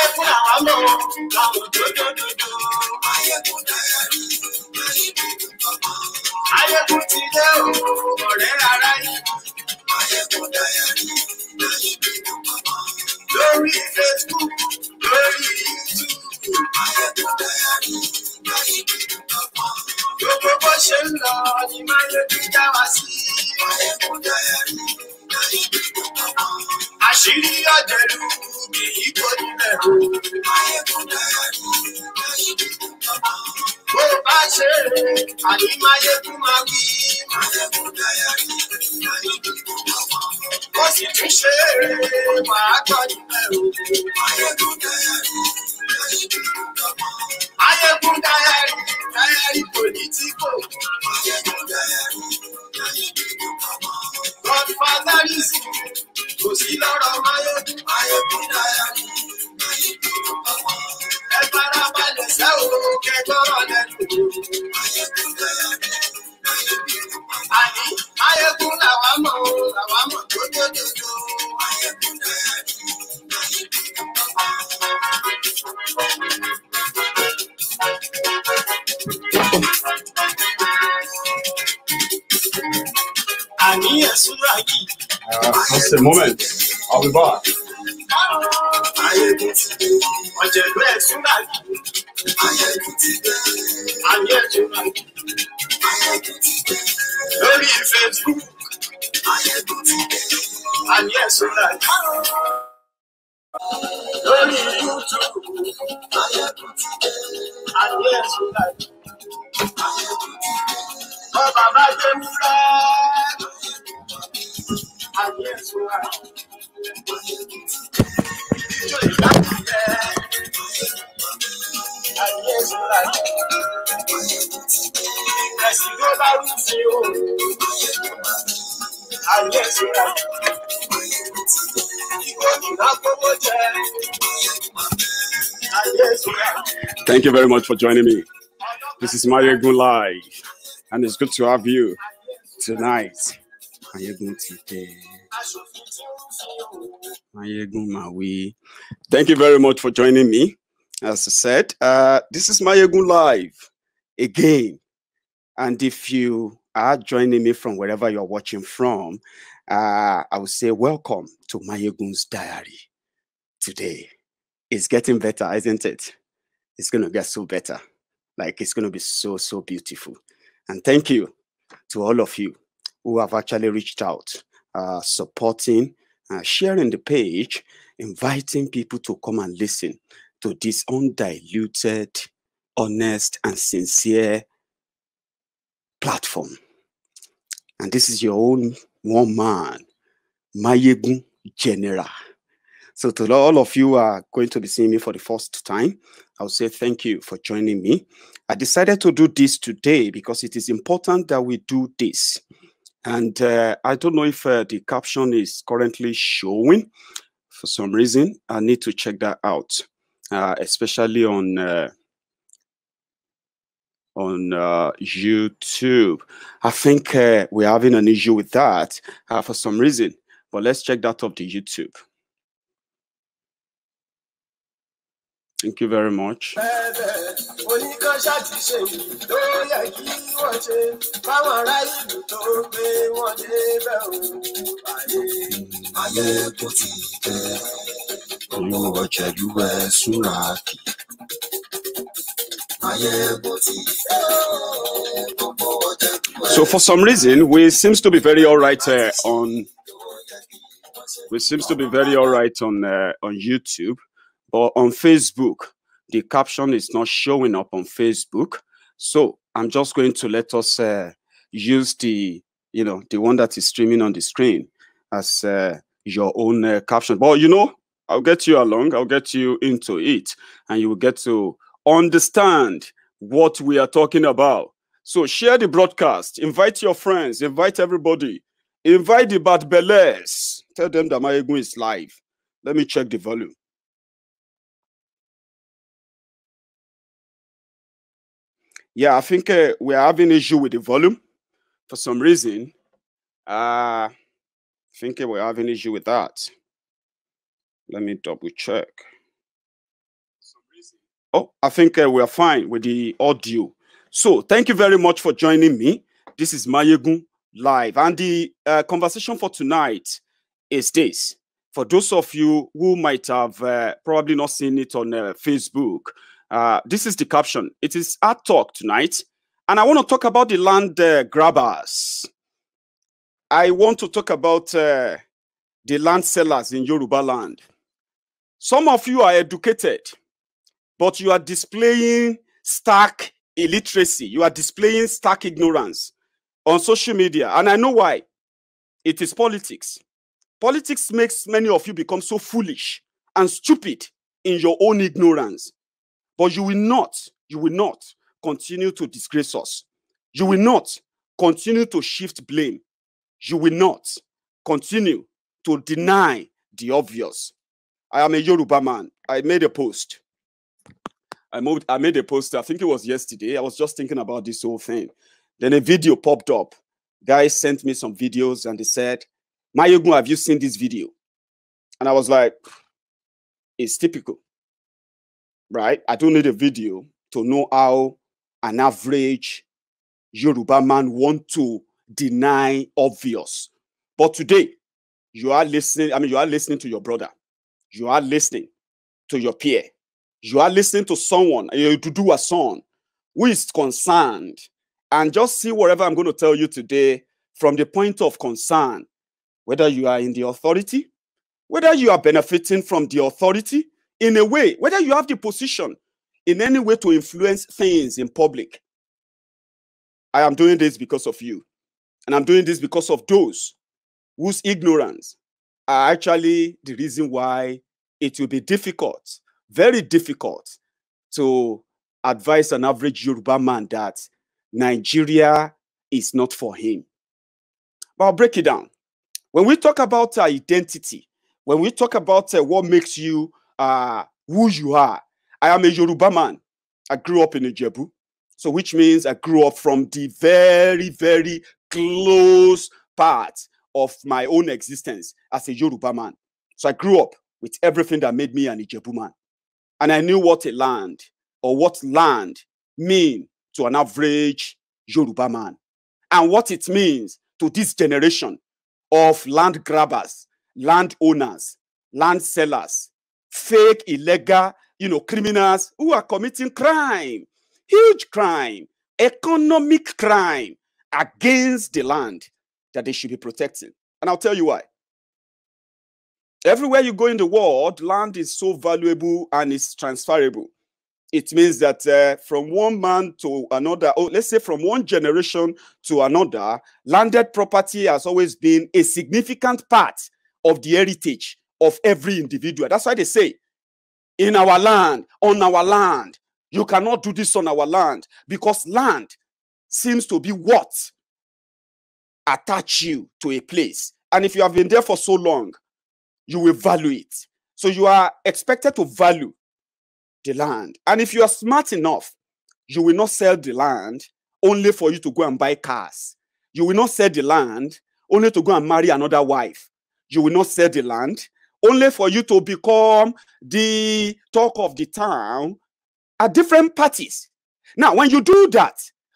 ayékún làwa mọ̀ ọ́ làwọn òjòjòdòdò. ayékún dayari ayékún tọmọ. ayékún ti dé o ọ̀rẹ́ rárá yìí. ayékún dayari ayékún tọmọ. lórí Facebook lórí YouTube. ayékún dayari ayékún tọmọ. gbogbo bó ṣe ń lọ ni máyékún já wa sí. ayékún dayari ayékún tọmọ. àṣírí ọ̀jẹ̀lú kì í gbójúlẹ̀ o. Máyégúndáyàdú máyégún bàbá. Bó o bá ṣe é, àní máyégún máa wí. Máyégúndáyàdú máyégún bàbá. Bó sì tún ṣe é, wàá gbójúlẹ̀ Uh, just a moment. I'll be back. lórí facebook ayé sọ́ra lórí youtube ayé sọ́ra. Thank you very much for joining me. This is Mario Gun and it's good to have you tonight. Thank you very much for joining me. As I said, uh, this is Mayegun Live again. And if you are joining me from wherever you're watching from, uh, I would say welcome to Mayegun's Diary today. It's getting better, isn't it? It's going to get so better. Like it's going to be so, so beautiful. And thank you to all of you who have actually reached out, uh, supporting, uh, sharing the page, inviting people to come and listen to this undiluted, honest, and sincere platform. And this is your own one man, Mayegun General. So to all of you are going to be seeing me for the first time, I'll say thank you for joining me. I decided to do this today because it is important that we do this. And uh, I don't know if uh, the caption is currently showing for some reason. I need to check that out, uh, especially on uh, on uh, YouTube. I think uh, we're having an issue with that uh, for some reason, but let's check that up to YouTube. Thank you very much. So for some reason, we seems to be very all right uh, on. We seems to be very all right on uh, on YouTube. But on Facebook, the caption is not showing up on Facebook. So I'm just going to let us uh, use the, you know, the one that is streaming on the screen as uh, your own uh, caption. But you know, I'll get you along. I'll get you into it, and you will get to understand what we are talking about. So share the broadcast. Invite your friends. Invite everybody. Invite the bad belles. Tell them that my ego is live. Let me check the volume. Yeah, I think uh, we're having issue with the volume for some reason. Uh, I think we're having issue with that. Let me double check. Oh, I think uh, we're fine with the audio. So thank you very much for joining me. This is Mayegun Live. And the uh, conversation for tonight is this. For those of you who might have uh, probably not seen it on uh, Facebook, uh, this is the caption. It is our talk tonight, and I want to talk about the land uh, grabbers. I want to talk about uh, the land sellers in Yoruba land. Some of you are educated, but you are displaying stark illiteracy. You are displaying stark ignorance on social media, and I know why. It is politics. Politics makes many of you become so foolish and stupid in your own ignorance but you will not, you will not continue to disgrace us. You will not continue to shift blame. You will not continue to deny the obvious. I am a Yoruba man. I made a post. I, moved, I made a post, I think it was yesterday. I was just thinking about this whole thing. Then a video popped up. Guys sent me some videos and they said, Mayogun, have you seen this video? And I was like, it's typical right? I don't need a video to know how an average Yoruba man want to deny obvious. But today, you are listening. I mean, you are listening to your brother. You are listening to your peer. You are listening to someone, to do a son who is concerned. And just see whatever I'm going to tell you today from the point of concern, whether you are in the authority, whether you are benefiting from the authority, in a way, whether you have the position in any way to influence things in public. I am doing this because of you. And I'm doing this because of those whose ignorance are actually the reason why it will be difficult, very difficult, to advise an average Yoruba man that Nigeria is not for him. But I'll break it down. When we talk about identity, when we talk about uh, what makes you uh, who you are. I am a Yoruba man. I grew up in Ijebu. So, which means I grew up from the very, very close part of my own existence as a Yoruba man. So, I grew up with everything that made me an Ijebu man. And I knew what a land or what land mean to an average Yoruba man and what it means to this generation of land grabbers, land owners, land sellers, fake, illegal, you know, criminals who are committing crime, huge crime, economic crime against the land that they should be protecting. And I'll tell you why. Everywhere you go in the world, land is so valuable and it's transferable. It means that uh, from one man to another, or oh, let's say from one generation to another, landed property has always been a significant part of the heritage of every individual. That's why they say, in our land, on our land, you cannot do this on our land because land seems to be what attach you to a place. And if you have been there for so long, you will value it. So you are expected to value the land. And if you are smart enough, you will not sell the land only for you to go and buy cars. You will not sell the land only to go and marry another wife. You will not sell the land only for you to become the talk of the town at different parties. Now, when you do that,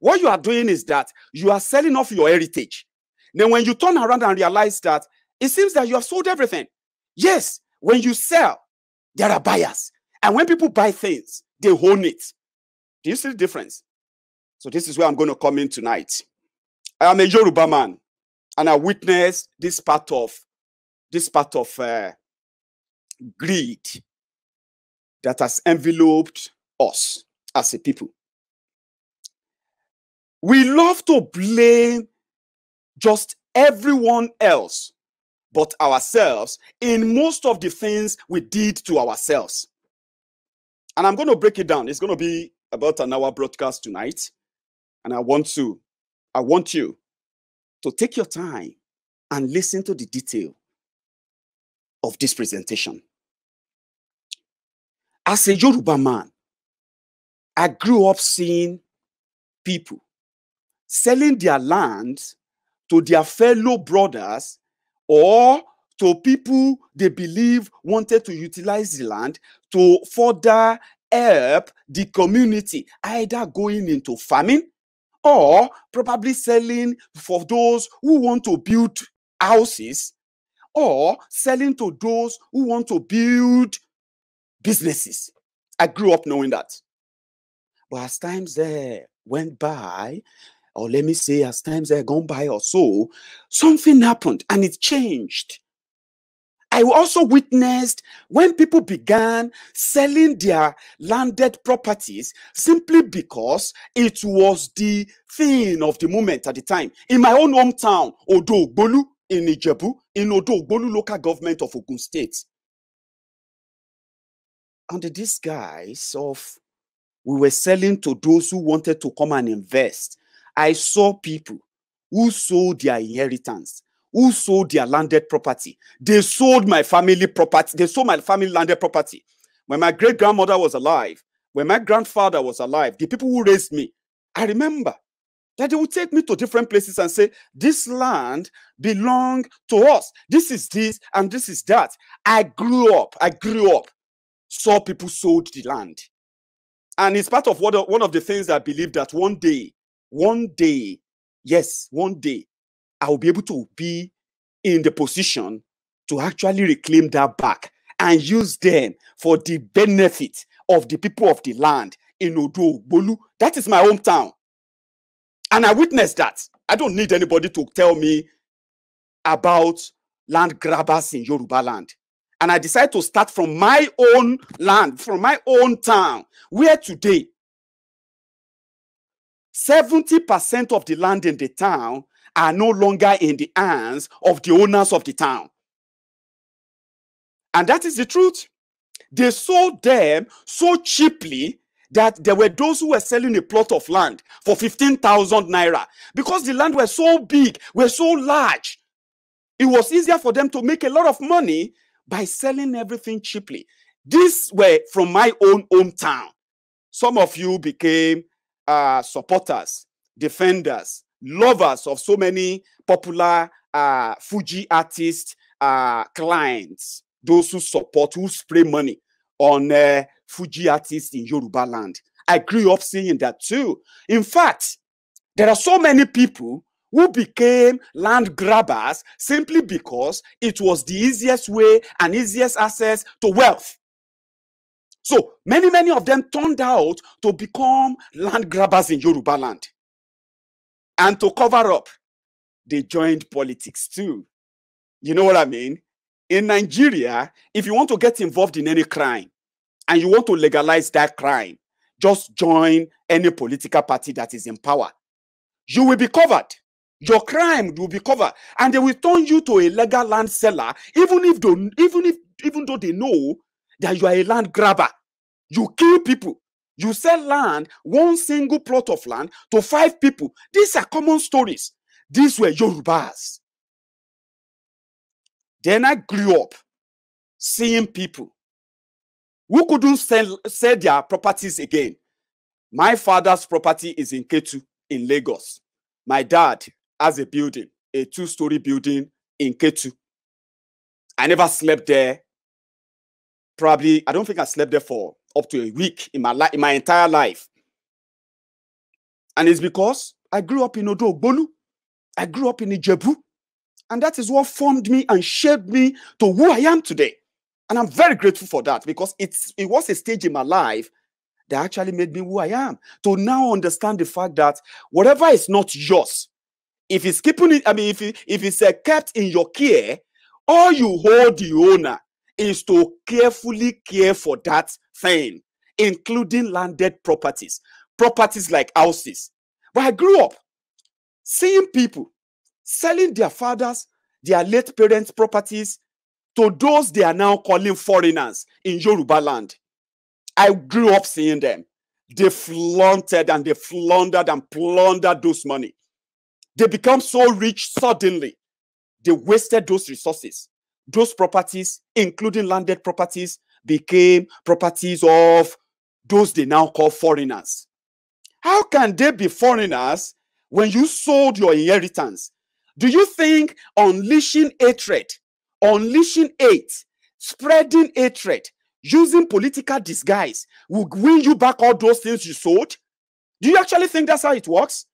what you are doing is that you are selling off your heritage. Then, when you turn around and realize that it seems that you have sold everything. Yes, when you sell, there are buyers. And when people buy things, they own it. Do you see the difference? So, this is where I'm going to come in tonight. I am a Yoruba man, and I witnessed this part of this part of uh, greed that has enveloped us as a people. We love to blame just everyone else but ourselves in most of the things we did to ourselves. And I'm going to break it down. It's going to be about an hour broadcast tonight. And I want to, I want you to take your time and listen to the detail of this presentation. As a Yoruba man, I grew up seeing people selling their land to their fellow brothers or to people they believe wanted to utilize the land to further help the community, either going into farming or probably selling for those who want to build houses or selling to those who want to build businesses. I grew up knowing that. But as times uh, went by, or let me say, as times had gone by or so, something happened and it changed. I also witnessed when people began selling their landed properties simply because it was the thing of the moment at the time. In my own hometown, Odo Bolu, in Ijebu, in Odo Bolu local government of Ogun State, under this guise of we were selling to those who wanted to come and invest. I saw people who sold their inheritance, who sold their landed property. They sold my family property. They sold my family landed property. When my great grandmother was alive, when my grandfather was alive, the people who raised me, I remember that they would take me to different places and say, This land belongs to us. This is this and this is that. I grew up. I grew up saw people sold the land. And it's part of what one of the things I believe that one day, one day, yes, one day, I will be able to be in the position to actually reclaim that back and use them for the benefit of the people of the land in Odo Bolu. That is my hometown. And I witnessed that. I don't need anybody to tell me about land grabbers in Yoruba land and I decide to start from my own land, from my own town, where today 70% of the land in the town are no longer in the hands of the owners of the town. And that is the truth. They sold them so cheaply that there were those who were selling a plot of land for 15,000 naira because the land was so big, were so large. It was easier for them to make a lot of money by selling everything cheaply. These were from my own hometown. Some of you became uh, supporters, defenders, lovers of so many popular uh, Fuji artist uh, clients, those who support, who spray money on uh, Fuji artists in Yoruba land. I grew up seeing that too. In fact, there are so many people who became land grabbers simply because it was the easiest way and easiest access to wealth. So many, many of them turned out to become land grabbers in Yoruba land. And to cover up, they joined politics too. You know what I mean? In Nigeria, if you want to get involved in any crime and you want to legalize that crime, just join any political party that is in power. You will be covered your crime will be covered and they will turn you to a legal land seller even if they, even if even though they know that you are a land grabber you kill people you sell land one single plot of land to five people these are common stories these were yorubas then i grew up seeing people who couldn't sell, sell their properties again my father's property is in ketu in lagos my dad as a building, a two story building in K2, I never slept there. Probably, I don't think I slept there for up to a week in my life, in my entire life. And it's because I grew up in Odo I grew up in Ijebu. And that is what formed me and shaped me to who I am today. And I'm very grateful for that because it's it was a stage in my life that actually made me who I am. To now understand the fact that whatever is not yours, if it's keeping it, I mean, if if it's uh, kept in your care, all you hold the owner is to carefully care for that thing, including landed properties, properties like houses. But I grew up seeing people selling their fathers, their late parents' properties to those they are now calling foreigners in Yoruba land. I grew up seeing them. They flaunted and they floundered and plundered those money. They become so rich suddenly. They wasted those resources. Those properties, including landed properties, became properties of those they now call foreigners. How can they be foreigners when you sold your inheritance? Do you think unleashing hatred, unleashing hate, spreading hatred, using political disguise will win you back all those things you sold? Do you actually think that's how it works?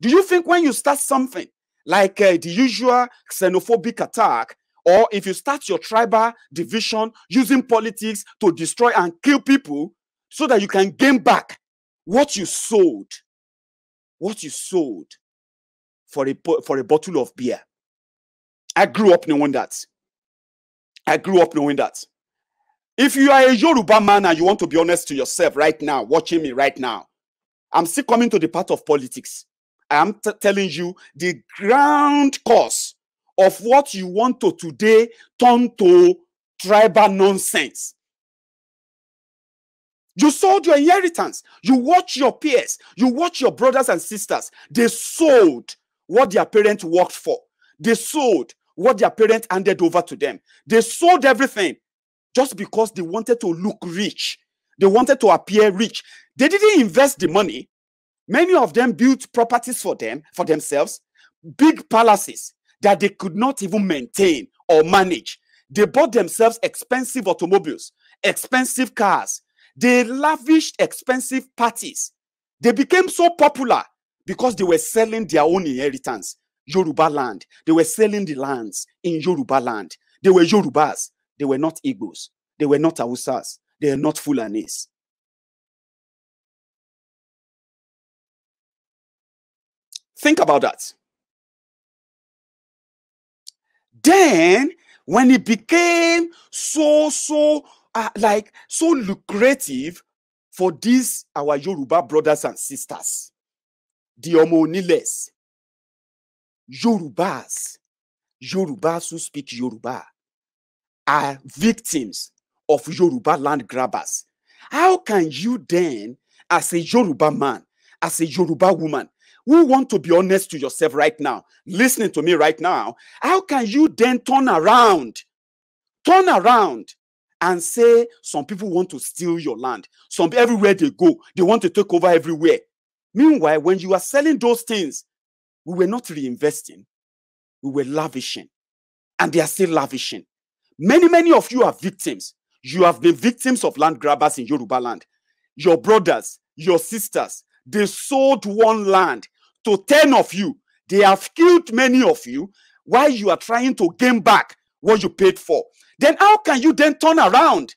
Do you think when you start something like uh, the usual xenophobic attack, or if you start your tribal division using politics to destroy and kill people so that you can gain back what you sold, what you sold for a, for a bottle of beer? I grew up knowing that. I grew up knowing that. If you are a Yoruba man and you want to be honest to yourself right now, watching me right now, I'm still coming to the part of politics. I'm t- telling you the ground cause of what you want to today turn to tribal nonsense. You sold your inheritance. You watch your peers. You watch your brothers and sisters. They sold what their parents worked for. They sold what their parents handed over to them. They sold everything just because they wanted to look rich. They wanted to appear rich. They didn't invest the money. Many of them built properties for them, for themselves, big palaces that they could not even maintain or manage. They bought themselves expensive automobiles, expensive cars. They lavished expensive parties. They became so popular because they were selling their own inheritance, Yoruba land. They were selling the lands in Yoruba land. They were Yorubas. They were not Igbos. They were not Hausas. They were not Fulanese. Think about that. Then, when it became so, so, uh, like, so lucrative for these, our Yoruba brothers and sisters, the Omoniles, Yorubas, Yorubas who speak Yoruba are victims of Yoruba land grabbers. How can you then, as a Yoruba man, as a Yoruba woman, who want to be honest to yourself right now, listening to me right now, how can you then turn around, turn around and say some people want to steal your land? Some everywhere they go, they want to take over everywhere. Meanwhile, when you are selling those things, we were not reinvesting, we were lavishing, and they are still lavishing. Many, many of you are victims. You have been victims of land grabbers in Yoruba land. Your brothers, your sisters, they sold one land to 10 of you. They have killed many of you while you are trying to gain back what you paid for. Then how can you then turn around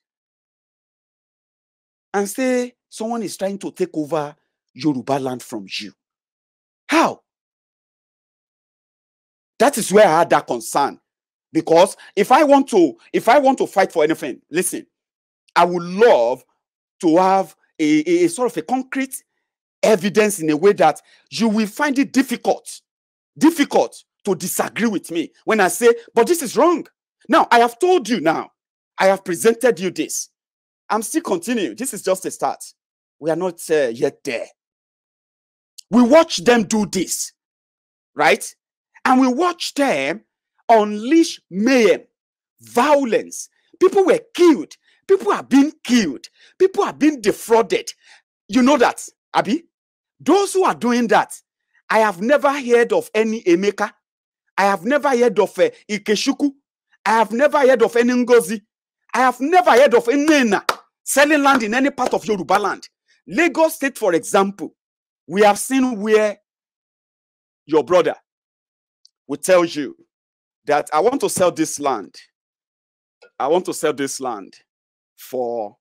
and say someone is trying to take over Yoruba land from you? How? That is where I had that concern. Because if I want to, if I want to fight for anything, listen, I would love to have a, a, a sort of a concrete evidence in a way that you will find it difficult, difficult to disagree with me when I say, but this is wrong. Now, I have told you now, I have presented you this. I'm still continuing. This is just a start. We are not uh, yet there. We watch them do this, right? And we watch them unleash mayhem, violence. People were killed. People are being killed. People are being defrauded. You know that, Abby? Those who are doing that, I have never heard of any Emeka. I have never heard of uh, Ikeshuku. I have never heard of any Ngozi. I have never heard of any Nena selling land in any part of Yoruba land. Lagos State, for example, we have seen where your brother will tell you that I want to sell this land. I want to sell this land for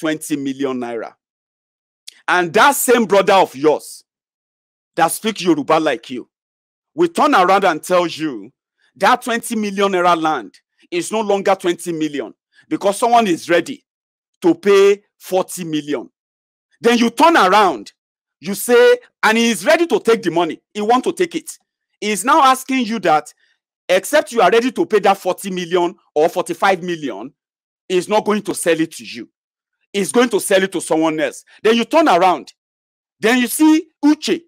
20 million naira. And that same brother of yours that speak Yoruba like you will turn around and tell you that 20 million era land is no longer 20 million because someone is ready to pay 40 million. Then you turn around, you say, and he is ready to take the money. He want to take it. He is now asking you that, except you are ready to pay that 40 million or 45 million, is not going to sell it to you is going to sell it to someone else. Then you turn around. Then you see Uche,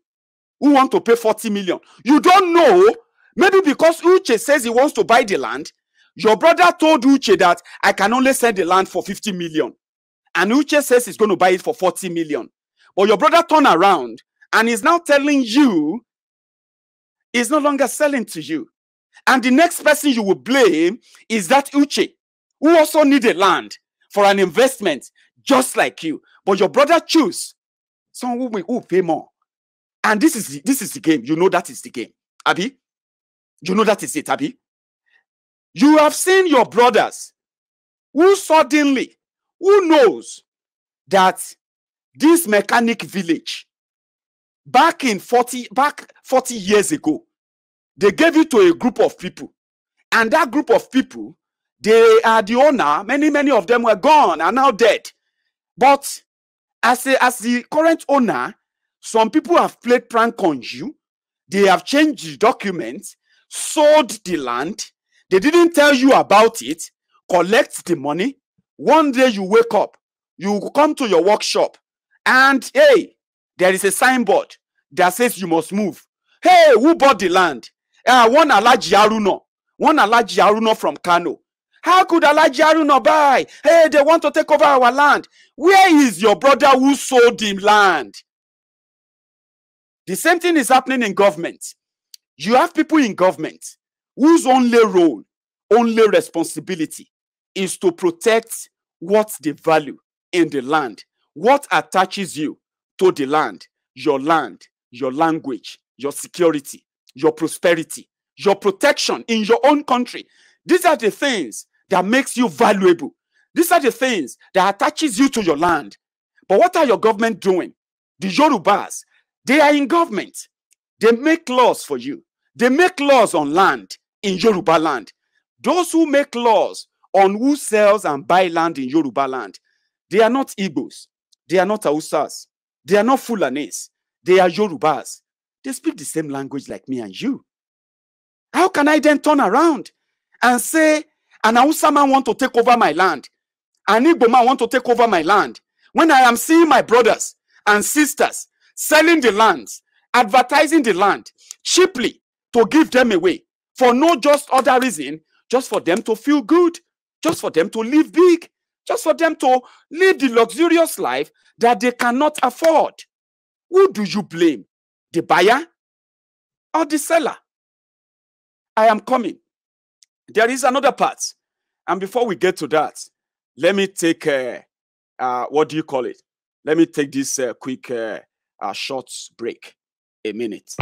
who want to pay 40 million. You don't know, maybe because Uche says he wants to buy the land, your brother told Uche that I can only sell the land for 50 million. And Uche says he's going to buy it for 40 million. But your brother turn around and is now telling you is no longer selling to you. And the next person you will blame is that Uche, who also a land for an investment just like you. But your brother choose someone who will pay more. And this is this is the game. You know that is the game. Abby, you know that is it, Abby. You have seen your brothers who suddenly, who knows that this mechanic village back in 40 back 40 years ago they gave it to a group of people and that group of people they are the owner many many of them were gone are now dead but as a, as the current owner, some people have played prank on you. They have changed the documents, sold the land. They didn't tell you about it. Collect the money. One day you wake up, you come to your workshop, and hey, there is a signboard that says you must move. Hey, who bought the land? Uh, one Alaji Aruno, one Alaji Aruno from Kano. How could Alajaru Haruna buy? Hey, they want to take over our land. Where is your brother who sold him land? The same thing is happening in government. You have people in government whose only role, only responsibility is to protect what they value in the land, what attaches you to the land, your land, your language, your security, your prosperity, your protection in your own country. These are the things that makes you valuable. These are the things that attaches you to your land. But what are your government doing? The Yorubas, they are in government. They make laws for you. They make laws on land in Yoruba land. Those who make laws on who sells and buy land in Yoruba land, they are not Igbos. They are not Hausas. They are not Fulanis. They are Yorubas. They speak the same language like me and you. How can I then turn around and say, an Hausa man want to take over my land, an Igbo man want to take over my land, when I am seeing my brothers and sisters selling the lands, advertising the land cheaply to give them away for no just other reason, just for them to feel good, just for them to live big, just for them to live the luxurious life that they cannot afford. Who do you blame? The buyer or the seller? I am coming. There is another part. And before we get to that, let me take, uh, uh, what do you call it? Let me take this uh, quick uh, uh short break, a minute.